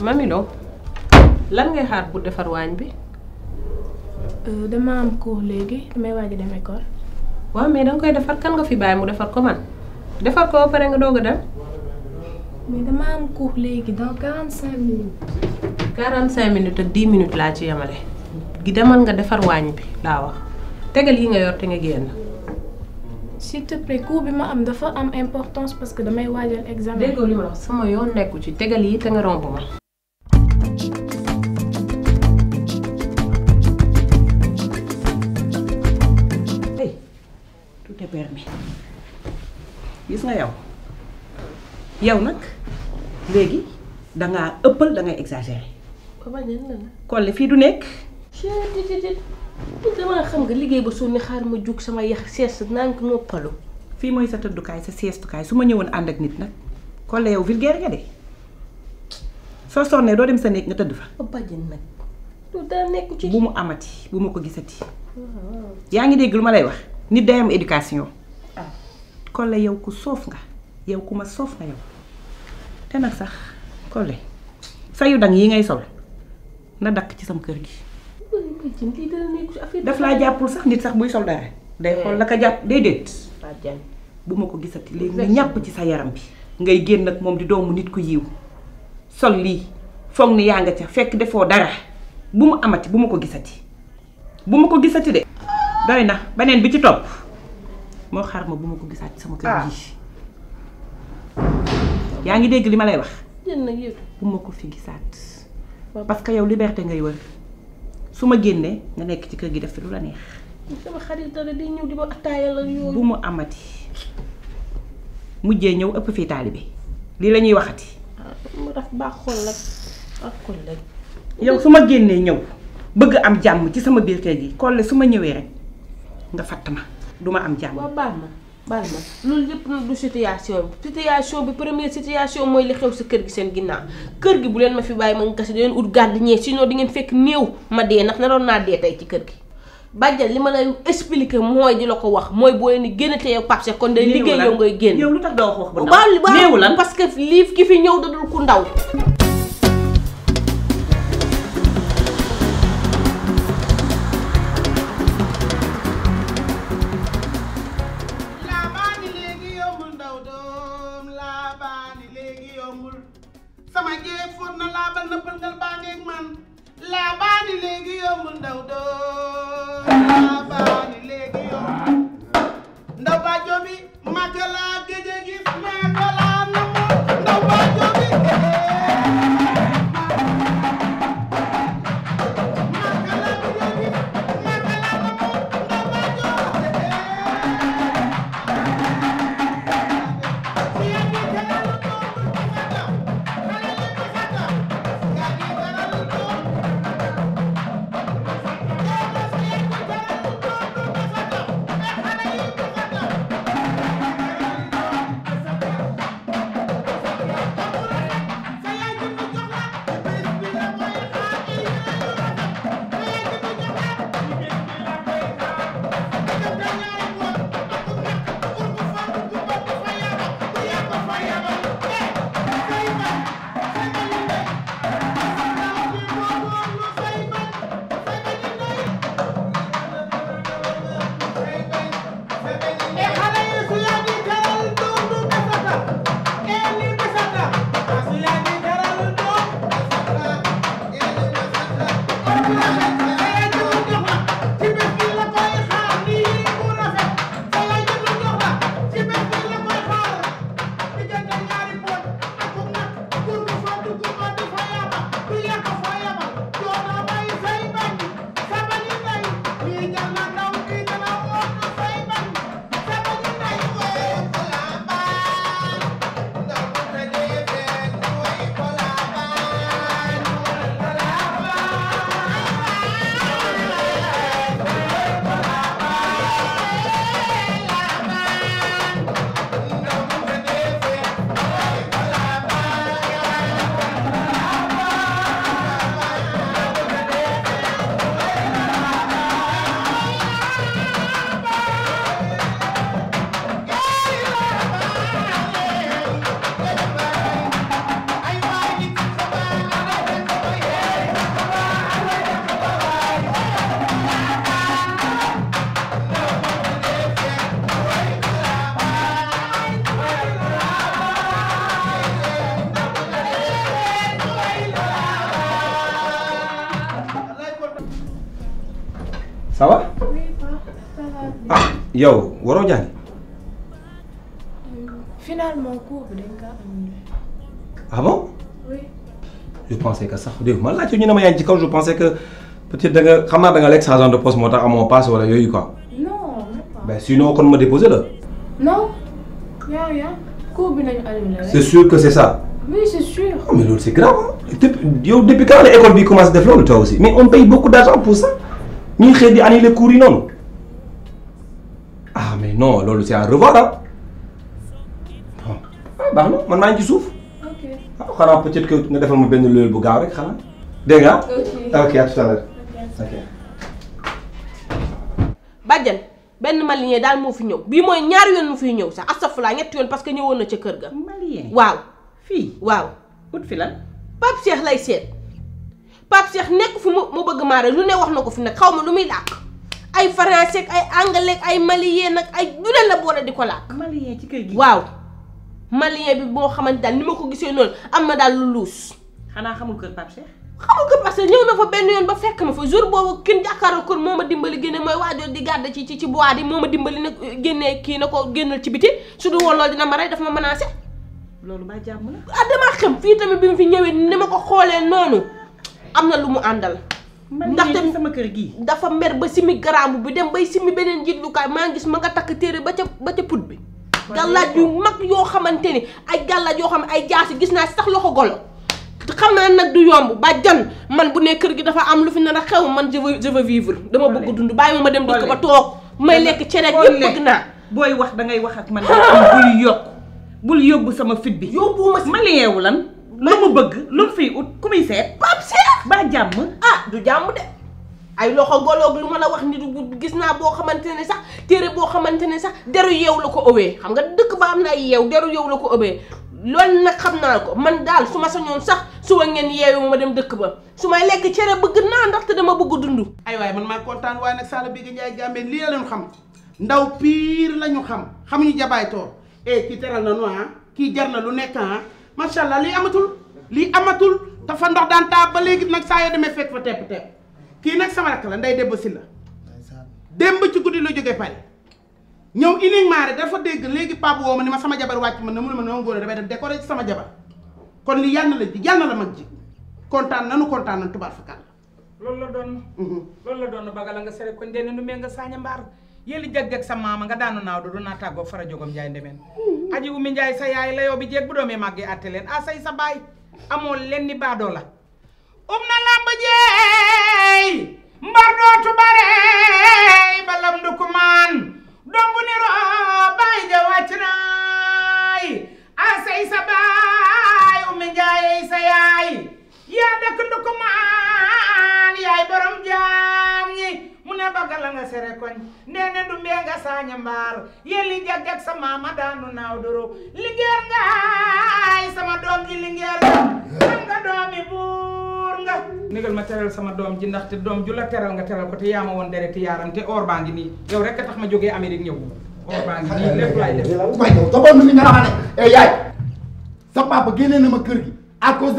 mami Lo lan ngay xaar bu defar waañ bi. Euh, dama am cours léegi damay waaj a dem école. waaw mais danga koy defar kan nga fi bàyyi mu defar ko man defar ko ba pare nga doog a dem. mais dama am cours léegi dans quarante cinq minutes. quarante cinq minutes ak dix minutes laa ci yemale. gi demal nga defar waañ bi laa wax tegal yi nga yor te nga génn. s'il te plaît cours bi ma am dafa am importance parce que damay waajal examen. déggoo li sama yoon nekku ci tegal yi te nga romb ma. nga yow yow nag léegi dangaa ëppal da ngay exagérer. papa fii du nekk. damaa xam nga liggéey ba suul ne xaar ma jug sama yax sees naa ko fii mooy sa tëddukaay sa seestukaay su ma ñëwoon ànd ak nit nag Collé yow vulgaire nga de soo sonnee doo dem sa néeg nga tëdd fa. nekk ci. bu mu amati bu ma ko gisati. Ah, ah. yaa ngi dégg lu ma lay wax nit day am Collé yow ku soof nga yow ku ma soof nga yow te nag sax kole sayu dang yi ngay sol na dakk ci sam kër gi. daf laa jàppul sax nit sax buy sol dara day eh. xool la ko jàpp déedéet. bu ma ko gisati léegi nga ñàpp ci sa yaram bi. ngay génn nag moom di doomu nit ku yiw sol lii foog ni yaa nga ca fekk defoo dara bu mu amati bu ma ko gisati bu ma ko gisati de. doy na beneen bi ci topp. moo xar ma bu ma ko gisaat ci sama kër ah. gi yaa ngi dégg li ma lay wax bu ma ko fi gisaat parce que yow liberté ngay wër su ma génnee nga nekk ci kër gi def lu la neex ñëw di ma attaaya la yooyu bu mu amati mujjee ñëw ëpp fii taalibe lii la ñuy waxati ah, mu daf baax xol la ak xol su ma génnee ñëw bëgg am jàmm ci sama biir kër gi kolle su ma ñëwee rek nga fatt ma du ma am jàmm. waaw baal ma loolu yëpp nag du situation bi situation bi première situation mooy li xew si kër gi seen ginnaaw kër gi bu leen ma fi bàyyi ma nga kese di leen ut gàdd ñee sinon di ngeen fekk néew ma dee ndax naroon naa dee tey ci kër gi. bàjjal li ma lay expliquer mooy di la ko wax mooy boo leen génn génnatee yow Pape Cheikh kon day liggéey yow ngay génn. yow lu tax parce que lii ki fi ñëw da dul ku ndaw. wër na laabal na pël ngal baa ngeeg man laabaani léegi yomb ndaw doon laabaani léegi yomb ndaw baa joomi màgg laa yow waroo jàngi. finalement cours bi dañ kaa annulé. ah bon. oui. je pensais que sax dégg ñu ne ma yaa ngi ci kaw je pensais que peut-être xam naa da nga sa changement de poste moo tax amoo passe wala yooyu quoi. non non. mais sinon kon ma déposé la. non. yaa yaa cours bi nañu annulé rek. c'est sûr que c'est ça. oui Oh, mais loolu c'est grave te yow depuis quand la école bi commencé def loolu toi aussi mais on paye beaucoup d'argent pour ça ñuy xëy di annuler cours yi noonu. non loolu c'est à revoir ah. ah. baax na man naa ngi ci suuf. ok ah xanaa peut-être que nga defal ma benn loolu bu gaaw rek xanaa dégg nga ok à tout ok. bàjjan benn malien daal moo fi ñëw bii mooy ñaari yoon mu fiy ñëw sax astafurlah ñetti yoon parce que ñëwoon na ca kër ga. malien waaw. fii waaw. ut fi lan. Pape Cheikh lay seet Pape Cheikh nekk fi mu mu bëgg maare lu ne wax na ko fi nag xaw ma lu muy làkk. ay français ay anglais ay malien ak ay lu leen la boole di ko làkk. malien ci kër gi waaw. malien bi boo xamante daal ni ma ko gisee noonu am na daal lu luus. xanaa xamul kër Pape Cheikh. parce que ñëw na fa ba fekk ma fa jour boobu kenn jàkkaarloo kon moo ma dimbali génne mooy di gàdd ci ci ci bois di moo ma dimbali na génnee kii na ko génnal biti su du woon loolu dina ma rey daf ma menacé. loolu ba jàmm la. ah damaa fii tamit bi mu fi ñëwee ni ma ko xoolee noonu am na lu mu àndal. ndaxte sama kër gi dafa mer ba simi garaamu bi dem bay simmi beneen jiitlukaay maa ngi gis ma nga takk téere ba ca ba ca put bi gàllaaj yu mag yoo xamante ni ay gàllaaj yoo xam ne ay jaasi gis naa sax loxo golo xam naa nag du yomb ba jan man bu ne kër gi dafa am lu fi nar a xew man je veux je veux vivre dama bëgg dund bàyyi ma ma dem di ba toog may lekk cere yëpp bëgg naa booy wax dangay wax ak man bul yokk bul yóbbu sama fit bi yóbbu ma ma lan lu mu bëgg lu mu fiy ut ku muy seet. Pape Cheikh ba jàmm. ah du jàmm de ay loxo goloog lu ma la wax ni du gis naa boo xamante ne sax téere boo xamante ne sax deru yeew la ko ëwee xam nga dëkk ba am na ay yeew deru yeew la ko ëwee. loolu nag xam naa ko man daal su ma sa sañoon sax su suba ngeen yeewu ma dem dëkk ba su may lekk cere bëgg naa ndaxte dama bëgg dund. ay waaye man maa kontaan waaye nag Sala Bigué Ndiaye Gambe lii la xam ndaw piir la ñu xam xamuñu jabaay toor eh teral na nu ah. kii jar na lu nekk ah. macha allah li amatul lii amatul dafa ndox daan taa ba léegi nag saa yoo demee fekk fa tepp tepp kii nag sama rakk la nday debba si la démb ci guddi la jóge Paris ñëw uniquement rek dafa dégg léegi paabu woo ma ni ma sama jabar wàcc man na mu ne ma noonu góor damay def décoré ci sama jabar kon lii la ji yal mag ji kontaan nanu kontaan nanu tubaar fakkaat loolu la doon mhm. loolu la doon bagala nga sere koñ dene nu mee nga saaña mbaar yéen li jag-jag sa maama nga daanu naaw du naa tàggoo fara jogom jaay ndemeen aji umi njaay sa yaay layoo bi jeeg bu doomee màggee àtte leen a ah, say sa baay amoon leen ni baadoo la um na làmb jeey mbar dootu bareey balam du kumaan dombu ni roo ja wàcc naay a ah, sa baay umi njaay sa yaay yaa dëkk ndu kumaan yaay borom jaam ñi mune bagala nga sere koñ nene dumbe nga saña mbaar yeli jagjag sa mama daanu naaw doro lingeer nga sama doom ji lingeer la am nga doomi buur nga négal ma teral sama doom ji ndaxte doom ju la teral nga teral ko te yaama woon dereti yaaram te or baa ngi nii yow rek a tax ma jógee Amérique ñëw or ngi nii lépp laay def may yow eh, sa papa ma kër gi à cause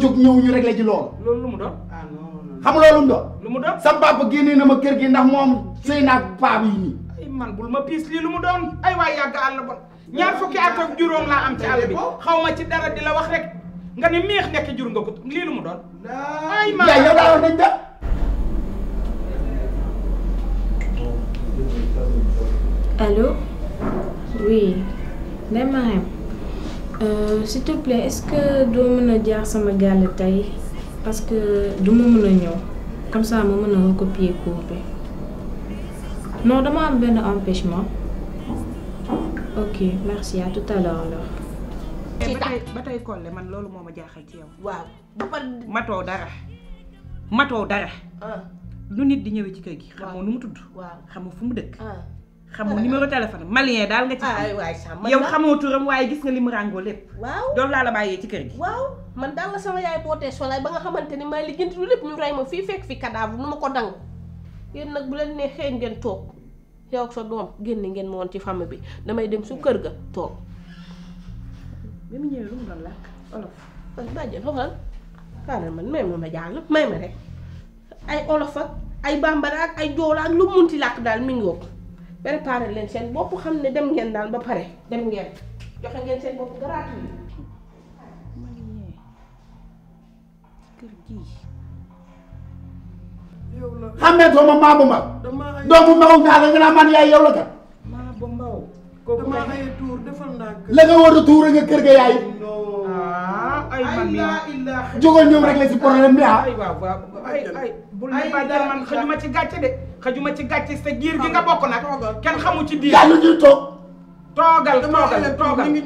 jóg ñëw ñu réglé ji loolu xam nga loolu mu doon. lu mu doon sa papa génnee na ma kër gi ndax moom sëy naag paa yi nii. ay man bul ma piis lii lu mu doon ay waay yàgg àll ba ñaar fukki at ak juróom laa am ci bi xaw ma ci dara di la wax rek nga ne miix nekk jur nga ko lii lu doon. ay man yow daa wax nañ de. allo. oui Ndeye Marème euh, s'il te a jaar sama gàll tey. parce que du ma mën a ñëw comme ça ma mën a recopier cours bi non dama am benn empêchement ok merci à tout à l'heure eh, ba tey ba tey Collé man loolu moom a jaaxal ci yow. waaw matoo dara matoo dara. Ah. lu nit di ñëwee ci kër gi. xam nga nu mu tudd. waaw xam fu mu dëkk. Ah. xamoo numéro téléphone malien daal nga ci ah, xam yow xamoo turam waaye gis nga li mu ràngoo lépp waaw doon laa la bàyyee ci kër gi waaw man daal la sama yaay bootee solaay ba nga xamante ni may liggéenti lu ma fii fekk fi cadavre nu ma ko dang nag bu leen neexee ngeen toog yow ak génn ngeen moon ci famille bi damay dem su kër ga toog bi mu ñëwee lu mu doon làkk olof ma ay olof ak ay bambara ak ay joola ak lu munti làkk daal mi ngi préparé leen seen bopp xam ne dem ngeen daal ba pare dem ngeen joxe ngeen seen bopp gratuit. man kër gii. yow la xàmmeetoo doomu mbaw ngaa nga naa man yaay yow la la nga war a tuur nga kër ga yaay. ah rek la si problème bi ah. bu ne bàjjan man xajuma ci gàcce de xajuma ci gàcce sa giir gi nga bokk nag kenn xamu ci diir yàlla ñuy toog toogal toogal toogal du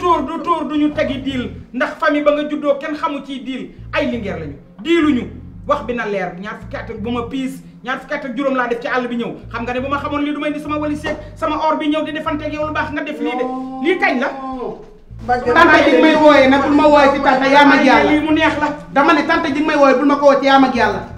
tuur du tuur du ñu tegi diil ndax famille ba nga juddoo kenn xamu ciy diil ay lingeer lañu diiluñu wax bi na leer ñaar fukki at ak bu ma piis ñaar fukki at ak juróom laa def ci àll bi ñëw xam nga ne bu ma xamoon lii du may ni sama wali seeg sama or bi ñëw di defanteeg yow lu baax nga def lii de lii kañ la tante ji may wooyee nag bul ma wooyee ci tante yaa mag yàlla dama ne tante ji may wooyee bul ma ko woo ci yàlla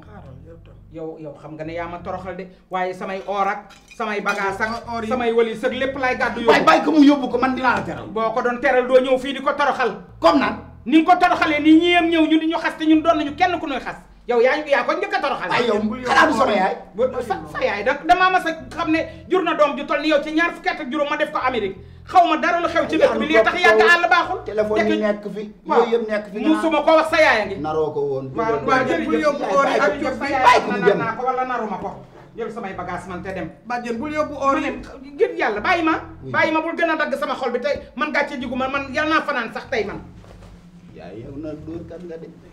moom yow yow xam nga ne yaa ma toroxal de waaye samay or ak samay bagage ak samay wali sëg lépp laay gàddu yóbbu bàyyi ko mu yóbbu ko man dinaa la teral boo ko doon teral doo ñëw fii di ko toroxal comme naan ni nga ko toroxalee nii ñi yem ñëw ñu di ñu xas te ñun doon nañu kenn ku ñuy xas yaw yaa yaa ko njëkk a toroxal. ay yow sama yaay. sa da damaa mas a xam ne jur na doom ju toll ni yow ci ñaar fukki at ak juróom ma def ko Amérique xaw ma dara lu xew ci dëkk bi li tax yàgg àll baaxul. téléphone yi nekk fi. waaw yooyu yaay a ngi. naroo samay bagage man te dem. bàjjen bul yóbbu oor yi ngir ma. bàyyi ma bul gën a dagg sama xol bi tey man gàcce jigu ma man yàlla naa fanaan sax tey man. yaay yow nag dóor kan de